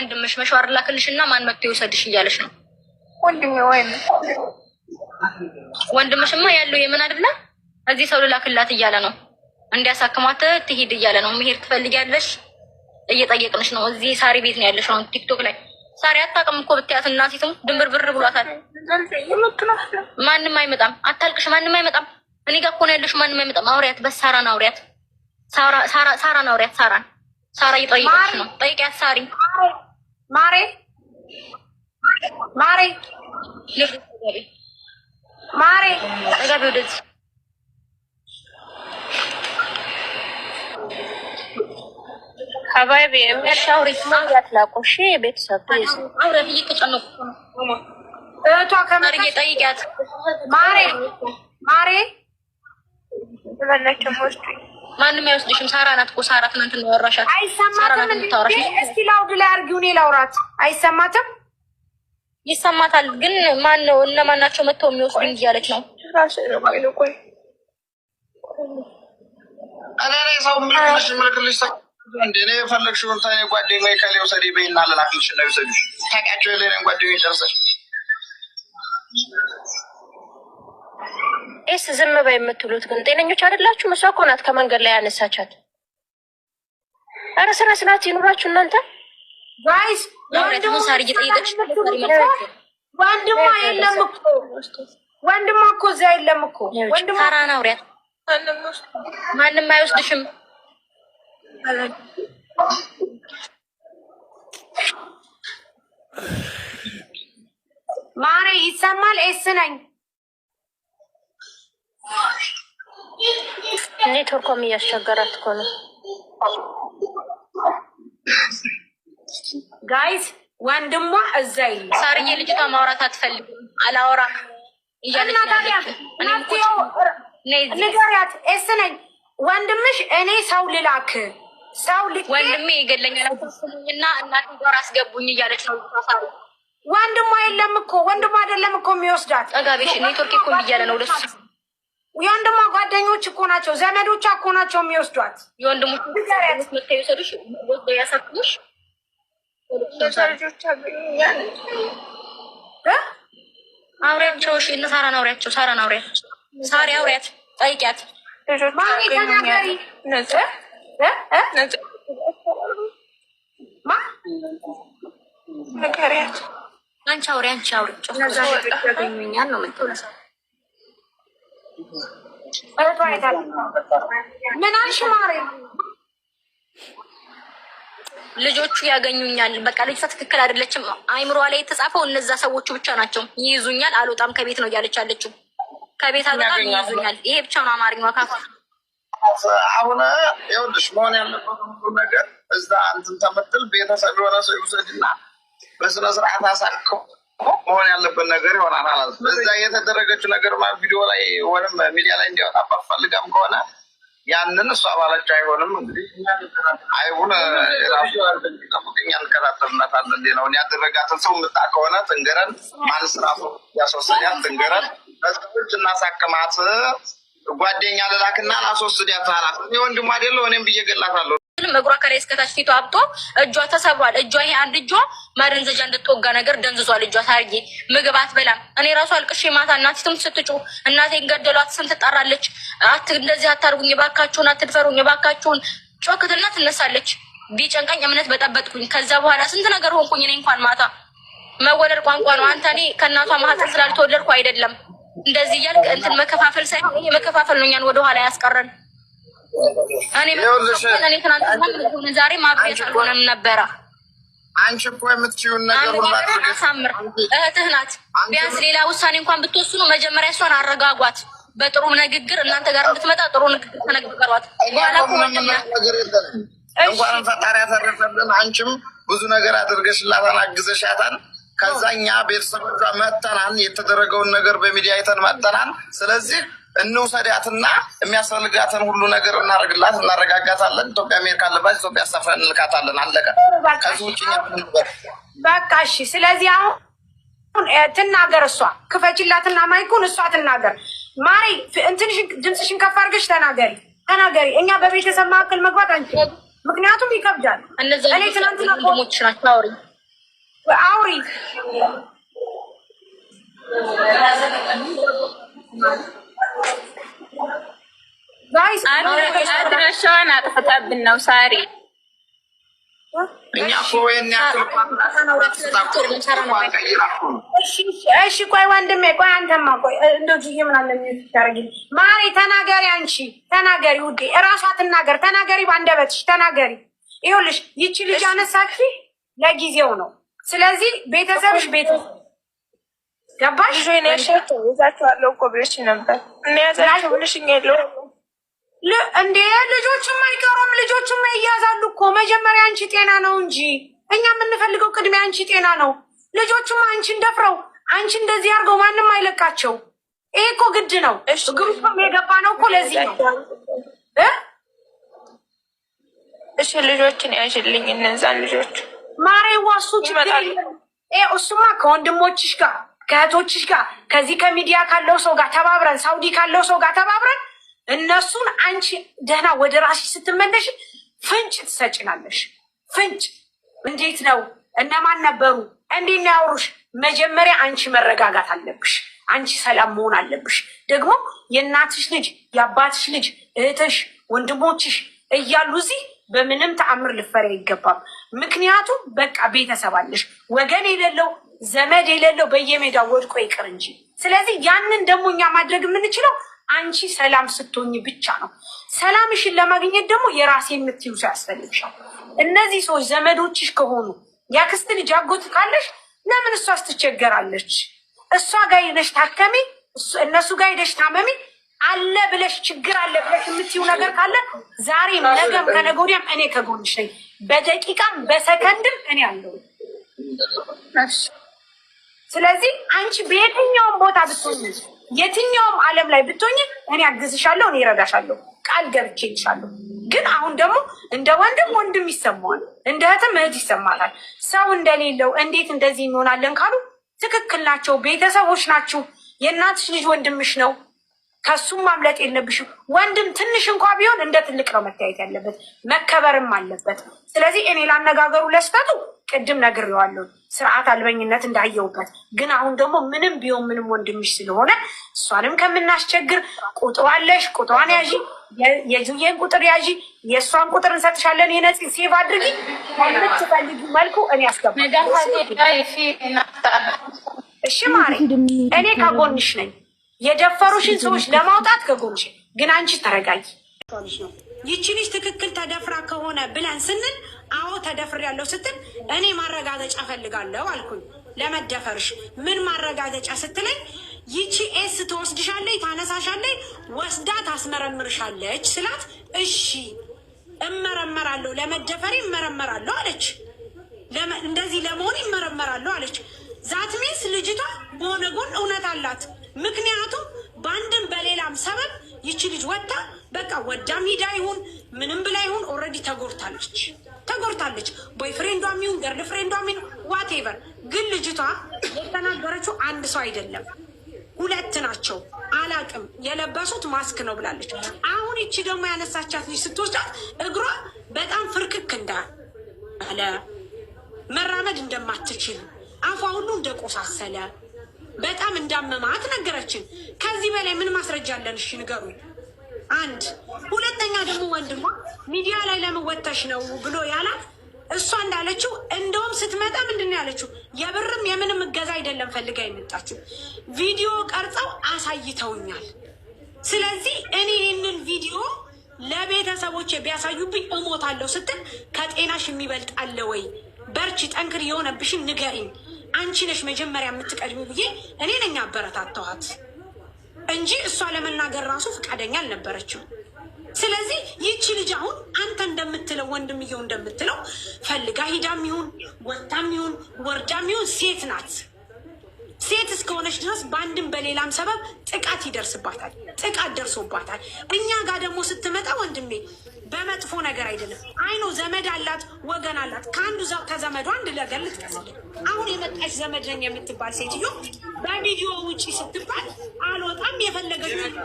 ወንድምሽ መሸዋር ላክልሽ እና ማን መጥቶ ይወሰድሽ እያለሽ ነው። ወንድሜ ወይ ወንድምሽማ ያለው የምን አይደለ እዚህ ሰው ልላክላት እያለ ነው። እንዲያሳክማት ትሄድ እያለ ነው። መሄድ ትፈልጊያለሽ? እየጠየቅንሽ ነው። እዚህ ሳሪ ቤት ነው ያለሽ አሁን። ቲክቶክ ላይ ሳሪ አታውቅም እኮ ብትያት እና ሲትም ድንብር ብር ብሏታል። ማንም አይመጣም። አታልቅሽ። ማንም አይመጣም። እኔ ጋር እኮ ነው ያለሽ። ማንም አይመጣም። አውሪያት፣ በሳራን አውሪያት፣ ሳራን አውሪያት። ሳራን ሳራ እየጠየቅሽ ነው። ጠይቂያት ሳሪ ማሬ ማሬ ማሬ ጠጋቢ ወደዚህ ማሬ ማሬ ማንም አይወስድሽም። ሳራ ናት እኮ ሳራ ትናንት ነው ያወራሻት። አይሰማትም እንዴ? ላውድ ላይ አድርጊው፣ እኔ ላውራት። አይሰማትም? ይሰማታል። ግን ማን ነው እነማን ናቸው መጥተው የሚወስዱኝ እያለች ነው። ሰው ሰው እኔ የፈለግሽውን ጓደኛ ከሌ ውሰድ በይና ልላክልሽ ነው ይውሰዱ ታውቂያቸው የሌለን ጓደኛዬ ደርሰሽ ኤስ ዝም በይ የምትሉት ግን ጤነኞች አይደላችሁ። እሷ እኮ ናት ከመንገድ ላይ ያነሳቻት። ኧረ ስራ ስርዓት ይኑራችሁ እናንተ ጋይስ። ሳር እየጠየቀች ወንድሟ የለም እኮ ወንድሟ እኮ እዛ የለም እኮ ወንድማራ ናውሪያት ማንም አይወስድሽም። ማሬ ይሰማል። ኤስ ነኝ ኔትወርኳም እያስቸገራት እኮ ነው። ጋይዝ ወንድሟ እዛ ይል ሳርዬ ልጅቷ ማውራት አትፈልግም። አላወራ እያለች ንገሪያት። ኤስ ነኝ ወንድምሽ። እኔ ሰው ልላክ ሰው ወንድሜ ይገለኛል እና እናቴ ጋር አስገቡኝ እያለች ነው ሳሪ ወንድሟ የለም እኮ ወንድሟ አይደለም እኮ የሚወስዳት ጠጋቤሽ ኔትወርክ እኮ እያለ ነው ለሱ የወንድሟ ጓደኞች እኮ ናቸው፣ ዘመዶቿ እኮ ናቸው የሚወስዷት። አውሪያቸው። እነ ሳራን አውሪያቸው። ሳራን ሳሪ አውሪያት፣ ጠይቂያት። አንቺ አውሪ፣ አንቺ ነው ምን አልሽ ማሬ? ልጆቹ ያገኙኛል። በቃ ልጅቷ ትክክል አይደለችም። አይምሯ ላይ የተጻፈው እነዛ ሰዎቹ ብቻ ናቸው። ይይዙኛል፣ አልወጣም ከቤት ነው እያለች አለችው። ከቤት አልወጣም፣ ይይዙኛል። ይሄ ብቻ ነው አማርኛ ካፋ አሁን ይኸውልሽ መሆን ያለበት ነገር እዛ እንትን ተመትል ቤተሰብ የሆነ ሰው ይውሰድና በስነስርዓት አሳልከው መሆን ያለበት ነገር ይሆናል። አላዝ በዛ የተደረገችው ነገር ማ ቪዲዮ ላይ ወይም ሚዲያ ላይ እንዲያወጣባት ፈልጋም ከሆነ ያንን እሱ አባላቸው አይሆንም። እንግዲህ አይሁን ራሱ ጠብቅኛ እንከታተልነታለን። እንዴ ነው ያደረጋትን ሰው ምጣ ከሆነ ትንገረን። ማን ስራሱ ያስወሰዳት ትንገረን። በሰዎች እናሳክማት። ጓደኛ ልላክና ላስወስዳት አላት። ወንድሟ አይደለሁ እኔም ብዬ ገላታለሁ። ምንም እግሯ ከላይ እስከታች ፊቷ አብጦ እጇ ተሰብሯል። እጇ ይሄ አንድ እጇ ማደንዘጃ እንድትወጋ ነገር ደንዝዟል። እጇ ታርጊ ምግብ አትበላም። እኔ ራሱ አልቅሼ ማታ እናቴትም ስትጩ እናቴን ገደሏት ስም ትጠራለች። እንደዚህ አታርጉኝ የባካችሁን፣ አትድፈሩኝ የባካችሁን ጮክትና ትነሳለች። ቢጨንቀኝ እምነት በጠበጥኩኝ። ከዛ በኋላ ስንት ነገር ሆንኩኝ። እኔ እንኳን ማታ መወለድ ቋንቋ ነው። አንተ እኔ ከእናቷ ማህፀን ስላልተወለድኩ አይደለም እንደዚህ እያልክ እንትን መከፋፈል ሳይሆን መከፋፈል ነው እኛን ወደኋላ ያስቀረን። አንቺ እኮ የምትችይውን ነገር አሳምር። እህትህ ናት። ቢያንስ ሌላ ውሳኔ እንኳን ብትወስኑ መጀመሪያ እሷን አረጋጓት። በጥሩ ንግግር እናንተ ጋር እንድትመጣ ጥሩ ንግግር ተነግሯት። በኋላ ነገር የለንም። እንኳንም ፈጣሪ ያተረፈልን። አንቺም ብዙ ነገር አድርገሽላታን፣ አግዘሻታን። ከዛ እኛ ቤተሰቦቿ መተናን፣ የተደረገውን ነገር በሚዲያ አይተን መተናን። ስለዚህ እንውሰዳትና የሚያስፈልጋትን ሁሉ ነገር እናደርግላት፣ እናረጋጋታለን። ኢትዮጵያ መሄድ ካለባት ኢትዮጵያ አሳፍረን እንልካታለን። አለቀ። ከዚህ ውጭ በቃ እሺ። ስለዚህ አሁን ትናገር እሷ ክፈችላትና ማይኩን እሷ ትናገር። ማሪ እንትንሽ ድምፅሽን ከፍ አድርገሽ ተናገሪ፣ ተናገሪ። እኛ በቤተሰብ መካከል መግባት አንቺ ምክንያቱም ይከብዳል። እኔ ትናንትናሞች ናቸው አውሪ አድራሻዋን አጥፍታብን ነው ሳሪ። እኛ እሺ፣ ቆይ ወንድሜ፣ ቆይ አንተማ፣ ቆይ እንደው ጅዬ ምናምን ማሪ፣ ተናገሪ፣ አንቺ ተናገሪ፣ ውዴ፣ እራሷ ትናገር፣ ተናገሪ፣ ባንደበትሽ ተናገሪ። ይኸውልሽ ይቺ ልጅ አነሳች ለጊዜው ነው። ስለዚህ ቤተሰብሽ ቤተሰብ ገባሽ? ያሻቸው ይዛቸዋለሁ እንዴ? ልጆችም አይቀሩም፣ ልጆችም ይያዛሉ እኮ። መጀመሪያ አንቺ ጤና ነው እንጂ እኛ የምንፈልገው ቅድሚያ አንቺ ጤና ነው። ልጆችም አንቺን ደፍረው አንቺ እንደዚህ አድርገው ማንም አይለቃቸው። ይሄ እኮ ግድ ነው። ግሩፕም የገባ ነው እኮ ለዚህ ነው። እሺ ልጆችን ያሽልኝ እነዛን ልጆች ማሬ ዋሱ ችግር እሱማ ከወንድሞችሽ ጋር ከእህቶችሽ ጋር ከዚህ ከሚዲያ ካለው ሰው ጋር ተባብረን ሳውዲ ካለው ሰው ጋር ተባብረን እነሱን አንቺ ደህና ወደ ራስሽ ስትመለሽ ፍንጭ ትሰጭናለሽ። ፍንጭ እንዴት ነው? እነማን ነበሩ? እንዴት ነው ያወሩሽ? መጀመሪያ አንቺ መረጋጋት አለብሽ። አንቺ ሰላም መሆን አለብሽ። ደግሞ የእናትሽ ልጅ፣ የአባትሽ ልጅ፣ እህትሽ፣ ወንድሞችሽ እያሉ እዚህ በምንም ተአምር ልፈሪ አይገባም። ምክንያቱም በቃ ቤተሰብ አለሽ። ወገን የሌለው ዘመድ የሌለው በየሜዳው ወድቆ ይቅር እንጂ። ስለዚህ ያንን ደግሞ እኛ ማድረግ የምንችለው አንቺ ሰላም ስትሆኝ ብቻ ነው። ሰላምሽን ለማግኘት ደግሞ የራሴ የምትዩ ሰው ያስፈልግሻል። እነዚህ ሰዎች ዘመዶችሽ ከሆኑ ያክስት ልጅ አጎት ካለሽ ለምን እሷ ስትቸገራለች? እሷ ጋር ሄደሽ ታከሚ፣ እነሱ ጋር ሄደሽ ታመሚ። አለ ብለሽ ችግር አለ ብለሽ የምትዩ ነገር ካለ ዛሬም፣ ነገም፣ ከነገ ወዲያም እኔ ከጎንሽ ነኝ። በደቂቃም በሰከንድም እኔ አለው። ስለዚህ አንቺ በየትኛውም ቦታ ብትሆኝ የትኛውም ዓለም ላይ ብትሆኝ እኔ አግዝሻለሁ፣ እኔ እረዳሻለሁ፣ ቃል ገብቼልሻለሁ። ግን አሁን ደግሞ እንደ ወንድም ወንድም ይሰማዋል፣ እንደ እህትም እህት ይሰማታል። ሰው እንደሌለው እንዴት እንደዚህ እንሆናለን ካሉ ትክክል ናቸው። ቤተሰቦች ናችሁ። የእናትሽ ልጅ ወንድምሽ ነው። ከሱም ማምለጥ የለብሽም። ወንድም ትንሽ እንኳ ቢሆን እንደ ትልቅ ነው መታየት ያለበት፣ መከበርም አለበት። ስለዚህ እኔ ላነጋገሩ ለስተቱ ቅድም ነግሬዋለሁ፣ ስርዓት አልበኝነት እንዳየውበት። ግን አሁን ደግሞ ምንም ቢሆን ምንም ወንድምሽ ስለሆነ እሷንም ከምናስቸግር ቁጥሯለሽ፣ ቁጥሯን ያዢ፣ የጁዬን ቁጥር ያዢ፣ የእሷን ቁጥር እንሰጥሻለን። ይህ ነጽ ሴቭ አድርጊ፣ የምትፈልጊ መልኩ እኔ አስገባ። እሺ ማሬ፣ እኔ ከጎንሽ ነኝ። የደፈሩሽን ሰዎች ለማውጣት ከጎንሽ ግን አንቺ ተረጋጊ። ይቺ ልጅ ትክክል ተደፍራ ከሆነ ብለን ስንል አዎ ተደፍር ያለው ስትል እኔ ማረጋገጫ ፈልጋለሁ አልኩኝ። ለመደፈርሽ ምን ማረጋገጫ ስትለኝ ይቺ ኤስ ትወስድሻለች፣ ታነሳሻለች፣ ወስዳ ታስመረምርሻለች ስላት እሺ እመረመራለሁ፣ ለመደፈሬ እመረመራለሁ አለች። እንደዚህ ለመሆን ይመረመራለሁ አለች። ዛት ሚንስ ልጅቷ በሆነ ጎን እውነት አላት። ምክንያቱም በአንድም በሌላም ሰበብ ይቺ ልጅ ወጥታ በቃ ወዳም ሂዳ ይሁን ምንም ብላ ይሁን ኦልሬዲ ተጎድታለች ተጎድታለች። ፍሬንዷ ሚሁን ገርል ፍሬንዷ ሚሁን ዋቴቨር፣ ግን ልጅቷ የተናገረችው አንድ ሰው አይደለም ሁለት ናቸው። አላቅም የለበሱት ማስክ ነው ብላለች። አሁን ይቺ ደግሞ ያነሳቻት ልጅ ስትወስዳት እግሯ በጣም ፍርክክ እንዳለ መራመድ እንደማትችል አፏ ሁሉ እንደቆሳሰለ በጣም እንዳመማት ነገረችን። ከዚህ በላይ ምን ማስረጃ አለን? እሺ ንገሩኝ። አንድ ሁለተኛ ደግሞ ወንድሟ ሚዲያ ላይ ለምን ወጥተሽ ነው ብሎ ያላት እሷ እንዳለችው እንደውም ስትመጣ ምንድን ነው ያለችው? የብርም የምንም እገዛ አይደለም ፈልጋ የመጣችው ቪዲዮ ቀርጸው አሳይተውኛል። ስለዚህ እኔ ይህንን ቪዲዮ ለቤተሰቦች ቢያሳዩብኝ እሞታለሁ ስትል ከጤናሽ የሚበልጥ አለ ወይ? በርቺ፣ ጠንክር፣ የሆነብሽን ንገሪኝ። አንቺ ነሽ መጀመሪያ የምትቀድሚ ብዬ እኔ ነኝ አበረታታኋት እንጂ እሷ ለመናገር ራሱ ፈቃደኛ አልነበረችው። ስለዚህ ይቺ ልጅ አሁን አንተ እንደምትለው ወንድምየው እንደምትለው ፈልጋ ሂዳም ይሁን ወታም ይሁን ወርዳም ይሁን ሴት ናት። ሴት እስከሆነች ድረስ በአንድም በሌላም ሰበብ ጥቃት ይደርስባታል። ጥቃት ደርሶባታል። እኛ ጋር ደግሞ ስትመጣ ወንድሜ በመጥፎ ነገር አይደለም። አይኖ ዘመድ አላት፣ ወገን አላት። ከአንዱ ከዘመዱ አንድ ነገር ልጥቀስ። አሁን የመጣች ዘመድ ነኝ የምትባል ሴትዮ በቪዲዮ ውጪ ስትባል አልወጣም የፈለገች